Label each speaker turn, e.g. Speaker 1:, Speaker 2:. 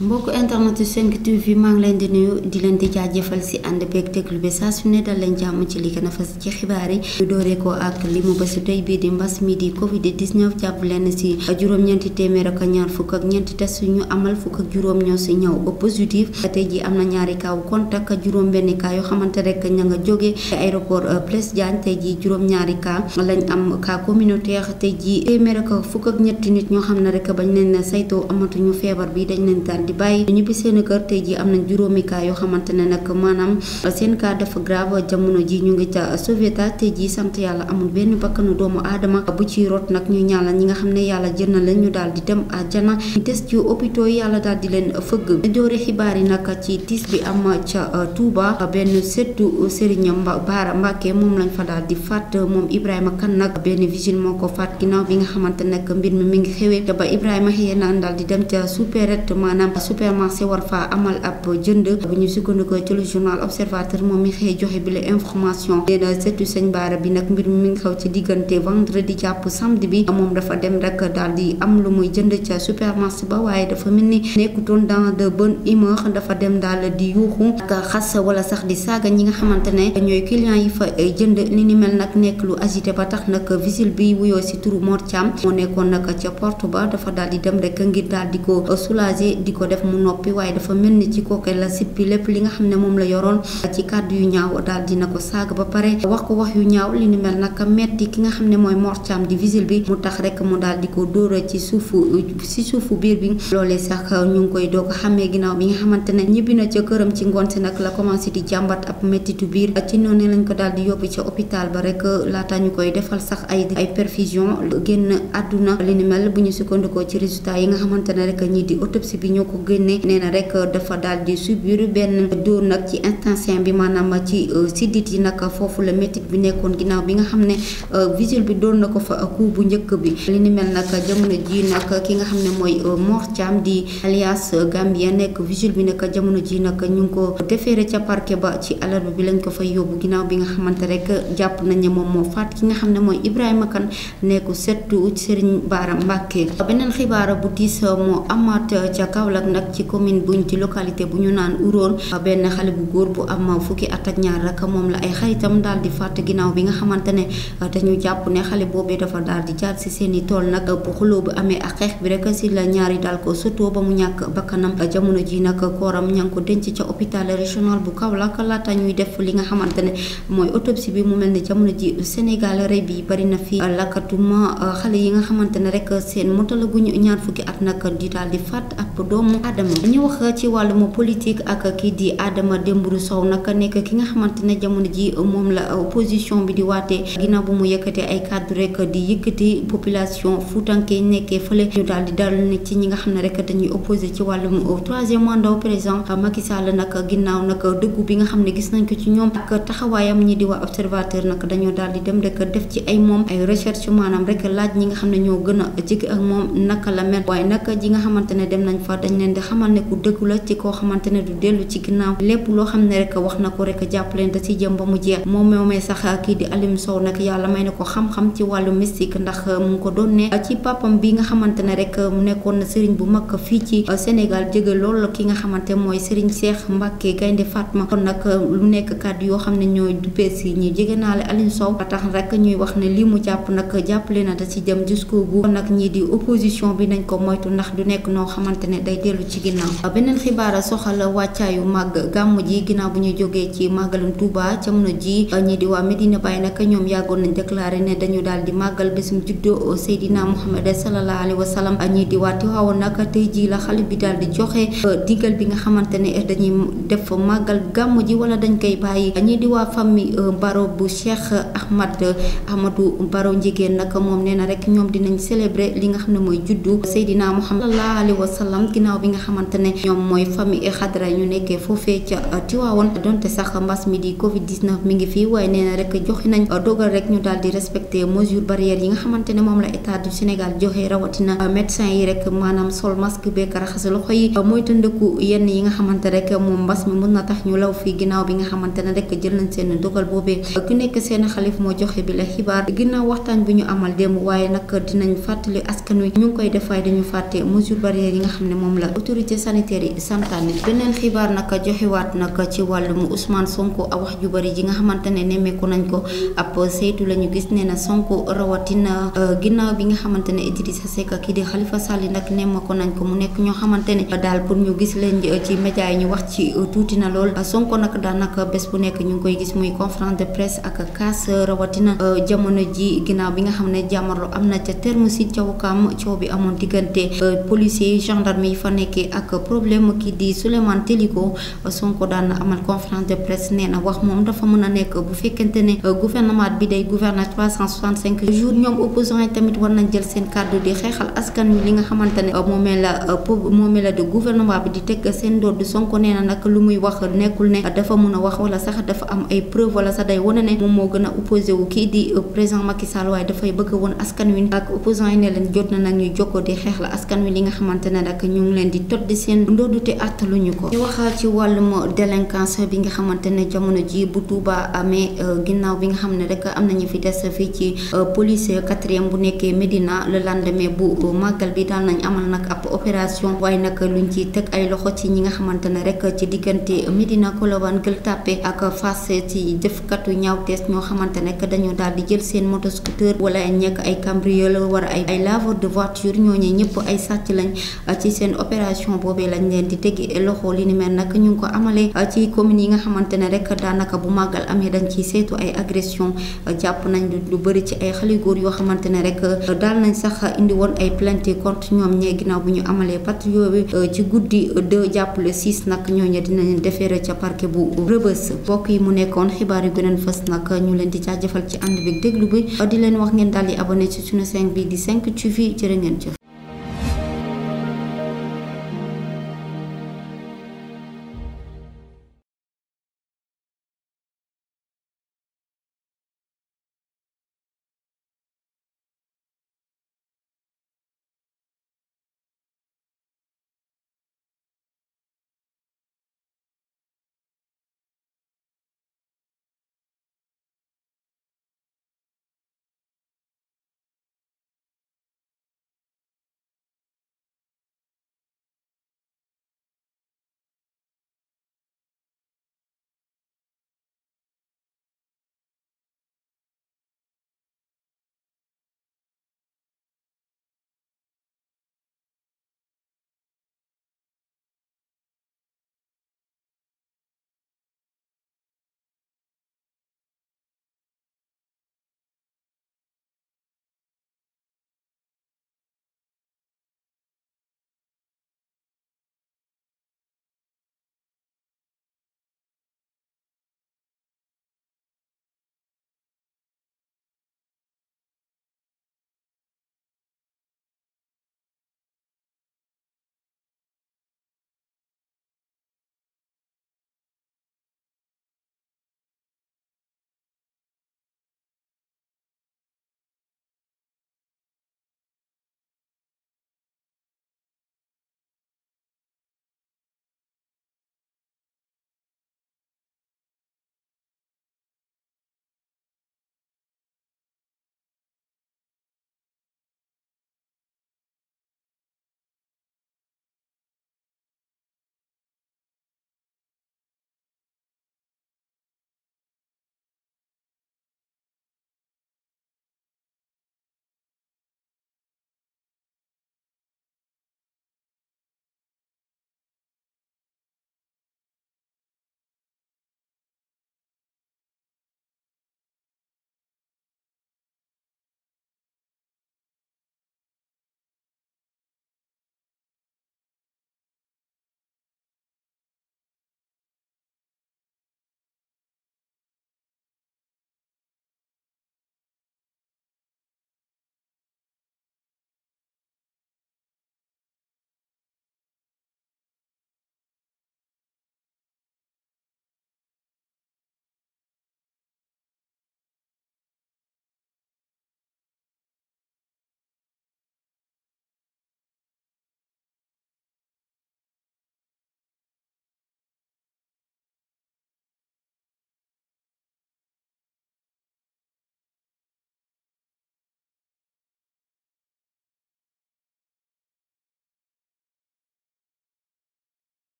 Speaker 1: mbokk internet Senclic TV maa ngi leen di nuyu di leen di jaajëfal si ànd beeg te bi saa su ne dal leen jàmm ci li gën fas ci xibaar yi ñu dooree ko ak li mu bésu tey bii di mbas mi di covid 19 jàpp leen si juróom-ñeenti téeméer ak ñaar fukk ak ñeenti test ñu amal fukk ak juróom ñoo si ñëw ba positif tey ji am na ñaari kaw contact ak juróom-benn kaa yoo xamante rek ña nga jógee aéroport euh, Blaise Diagne tey ji juróom-ñaari kaa lañ am kaa communautaire te ji téeméer ak fukk ak ñetti nit ñoo xam ne rek bañ leen saytoo amatuñu feebar bi dañ leen daan di bàyyi ñu ñibbi seen kër tey jii am nañ juróomi cas yoo ne nag maanaam seen cas dafa grave jamono ji ñu ngi ca sauvetage tey jii sant yàlla amul benn bakkanu doomu aadama bu ci rot nag ñu ñaanal ñi nga xam ne yàlla jël na leen ñu daal di dem àjjana des ci hôpitaux yi yàlla daal di leen fëgg ñu doore xibaar yi nag ci tiis bi am ca uh, Touba benn sëttu Serigne Bara Mbacké moom lañ fa daal di faat moom Ibrahima kan nag benn vigile moo ko faat ginnaaw bi nga xamante mi ngi xewee ba Ibrahima xëyee naan daal supermarché war fa amal ab jënd bu ñu sukkandikoo ci le journal observateur moom mi xëy joxe bi la information nee na setu baara bi nag mbir mi ngi xaw ci diggante vendredi jàpp samedi bi moom dafa dem rek daal di am lu muy jënd ca supermarché ba waaye dafa mel ni nekkutoon dans de bonne humeur dafa dem daal di yuuxu ak xas wala sax di saaga ñi nga xamante ne ñooy clients yi fa ay jënd li ni mel nag nekk lu agité ba tax nag visile bi wuyoo si turu Mor Thiam moo nekkoon nag ca def mu nopi waye dafa melni ci ko kay la sipi lepp li nga xamne mom la yoron ci kàddu yu ñaaw dal dina ko sag ba pare wax ko wax yu ñaaw li ni mel nak metti ki nga xamne moy mooy di visil bi mu tax rek mu dal di ko dóor ci suufu ci suufu bir bi lolé sax ñu ngi koy dog xamé ginaaw bi nga xamantene ne ñibbi na ca këram ci ngonté nak la commencé di ap metti tu bir ci noné lañ ko dal di yobbi ci hôpital ba rek laata ñu koy defal sax ay ay perfusion génn aduna li ni mel bu ñu ci résultat yi nga xamantene rek ñi di autopsie bi ñoko ko génnee nee na rek dafa daal di subir benn dóor nag ci intestin bi maanaam ci euh, siddit yi nag foofu la métit bi nekkoon ginnaaw bi nga xam ne euh, vigile bi doon na ko fa coup bu njëkk bi ni mel nag jamono ji nag ki nga xam ne mooy euh, Mor Thiam di alias Gambien nekk vigile bi nag jamono ji nag ñu ngi ko defeere ca parquet ba ci alarba bi lañ ko fay yóbbu ginnaaw bi nga xamante rek jàpp nañ ne moom moo faat ki nga xam ne mooy Ibrahima Kane nekk settu sëriñ Bara Mbacké beneen xibaar bu diis moo amaat ca Kaolack nag ci commune buñ ci localité bu ñu naan Ouroon benn xale bu góor bu am fukki at ak ñaar rek moom la ay xaritam daal di fàtt ginnaaw bi nga xamante ne dañu jàpp ne xale boobee dafa daal di jaar si seen tool nag bu xuloo bu amee ak xeex bi rek si ñaari daal ko ba mu ñàkk bakkanam jamono ji nag kooram ña ngi ko denc ca hôpital régional bu Kaolack laata ñuy def li nga xamante ne mooy autopsie bi mu mel ne jamono ji Sénégal rey bi bari na fi lakkatuma xale yi nga xamante ne rek seen motalaguñu ñaar fukki at nag di daal fàtt ab doomu Adama ñu wax ci wàllum politique ak kii di Adama Dembourou Sow nag nekk ki nga xamante ne jamono ji moom la opposition bi di waatee ginnaaw bu mu yëkkatee ay kàddu rek di yëkkati population fuutanke nekkee fële ñu daal di dal ne ci ñi nga xam ne rek dañuy opposé ci wàllum troisième mandat président Macky Sall nag ginnaaw nag dëggu bi nga xam ne gis nañ ko ci ñoom ak taxawaayam ñi di waa observateur nag dañoo daal di dem rek def ci ay moom ay recherche maanaam rek laaj ñi nga xam ne ñoo gën a ak moom dañ leen di xamal ne ku dëggu la ci koo xamante ne du dellu ci ginnaaw lépp loo xam ne rek wax na ko rek jàpp leen da ci jëm ba mu jeex moom moomee na ko xam-xam ci wàllu mystique ndax mu ngi ko doon ne ci papam bi nga ne rek mu nekkoon na sëriñ bu mag fii ci Sénégal jóge loolu ki nga xamante mooy sëriñ Cheikh Mbacke Gaynde Fatma kon nag lu nekk kàddu yoo xam ne ñooy duppee si ñi jege naa la Alioune Sow tax rek ñuy wax mu jàpp nag jàppale na da ci jëm jusqu'au bout di opposition bi nañ ko moytu ndax du nekk noo xamante day dellu ci ginnaw benen xibaara soxal waccayu mag gamu ji ginnaw buñu ñu ci magalum Touba mëno ji ñi di wa Medina bay nak ñom yagoon nañ déclarer né dañu dal di magal bisum juddo o sayidina Muhammad sallallahu alaihi wa ñi di wa Tiwaawoon nak tay ji la xali bi dal di joxe euh, digal bi nga xamantene ne dañuy def magal gamu ji wala dañ koy bayyi ñi di wa fami euh, Baro bu Cheikh Ahmad euh, Ahmadu Baro jigen nak mom néna rek ñom dinañ célébrer li nga xamne moy juddo sayidina muhammad sallallahu alaihi wa sallam ginnaaw bi nga xamante ne ñoom mooy famille xadra ñu nekkee foofee ca Tiwaawoon donte sax mbas mi di Covid 19 mi ngi fii waaye nee na rek joxe nañ dogal rek ñu daal di respecté mesure barrière yi nga xamante ne moom la état du Sénégal joxe rawatina médecin yi rek maanaam sol masque beeg raxas loxo yi mooy tëndeku yenn yi nga xamante rek moom mbas mi mën na tax ñu law fii ginnaaw bi nga xamante ne rek jël nañ seen dogal boobee ku nekk seen xalif moo joxe bi la xibaar ginnaaw waxtaan bi ñu amal démb waaye nag dinañ fàttali askan wi ñu ngi koy def waaye dañu fàtte mesure barrière yi moom la autorité sanitaire yi santaane beneen xibaar naka joxewaat naka ci wàllum Ousmane Sonko ak wax ju bari ji nga xamante ne nemmeeku nañ ko ab saytu la ñu gis ne na Sonko rawatina euh, ginnaaw bi nga xamante ne Idrissa Seck kii di Khalifa Sall nag nemmeeku nañ ko mu nekk ñoo xamante ne daal pour ñu gis leen ci média yi ñu wax ci euh, tuuti na lool Sonko nag daanaka bés bu nekk ñu ngi koy gis muy conférence de presse ak euh, rawatina jamono ji ginnaaw bi nga xam ne jàmmarloo am na ca terme si cawkaam coow bi amoon diggante policiers gendarme yi fan neke ak problème ki di Souleymane Teliko Sonko dan amal conférence de presse nee na wax mom dafa mën nek bu fekkente ne euh, gouvernement bi day gouverner 365 jours ñom opposition tamit war nañ jël sen cadre di xéxal askan wi li nga xamantene euh, momé la euh, momé la de gouvernement bi di sen seen du Sonko nee na nag lu muy wax nekul ne dafa mën wax wala sax dafa am ay preuve wala sax day wone ne mom mo gëna opposé wu ki di président Macky Sall waaye dafay bëgg won askan wi ak opposition ne leen jot na nak ñu joko di xéxal askan wi li nga xamantene nak ñu ngi leen di toddi seen ndoodute attaluñu ko ñu wax ci wàllum délinquance bi nga xamante ne jamono ji bu Touba amee euh, ginnaaw bi nga xam ne rek am na ñu fi des fii ci euh, police quatrième bu nekkee Médina le lendemain bu màggal bi daal nañ amal nag ab opération waaye nag luñ ci teg ay loxo ci ñi nga xamante ne rek ci diggante Médina Colobane Gueule Tapée ak Fass ci ñaw tees ñoo xamante ne dañoo daal di jël seen moto scooter wala ñekk ay cambriole wala ay laveur opération boobee lañ leen di tegi loxo li ni ñu ngi ko amalee uh, ci communes yi nga xamante ne rek daanaka bu màggal amee dañ ciy seetu ay agression uh, jàpp nañ lu bëri ci ay xale góor yoo xamante ne rek uh, daal nañ sax indi woon ay plainte contre ñoom ñee ginnaaw bu ñu amalee pat yooyu ci guddi deux jàpp le six nag ñooñu dinañ defeere ca parquet bu rëbës mbokk yi mu nekkoon xibaar yu gënoon fës nag ñu leen di jaajëfal ci ànd bi déglu bi di leen wax ngeen daal di abonné